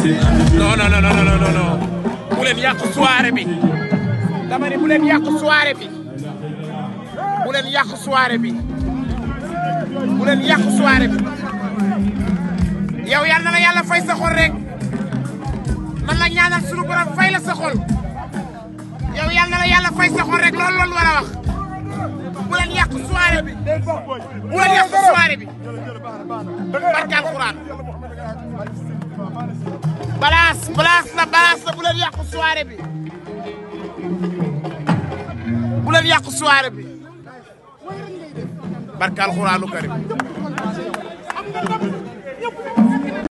non non non non non non bu leen yàq soirée bi dama ne bu leen yàq soirée bi bu leen yal na la yàlla fay sa xol rek man la ñaanal sunu fay la sa xol rek loolu loolu war a wax bu leen yàq soirée bi bu leen yàq soirée bi barke balaas na balaas na bu leen yàqu soirée bi bu leen yàqu soirée bi barkaal xuraanu karim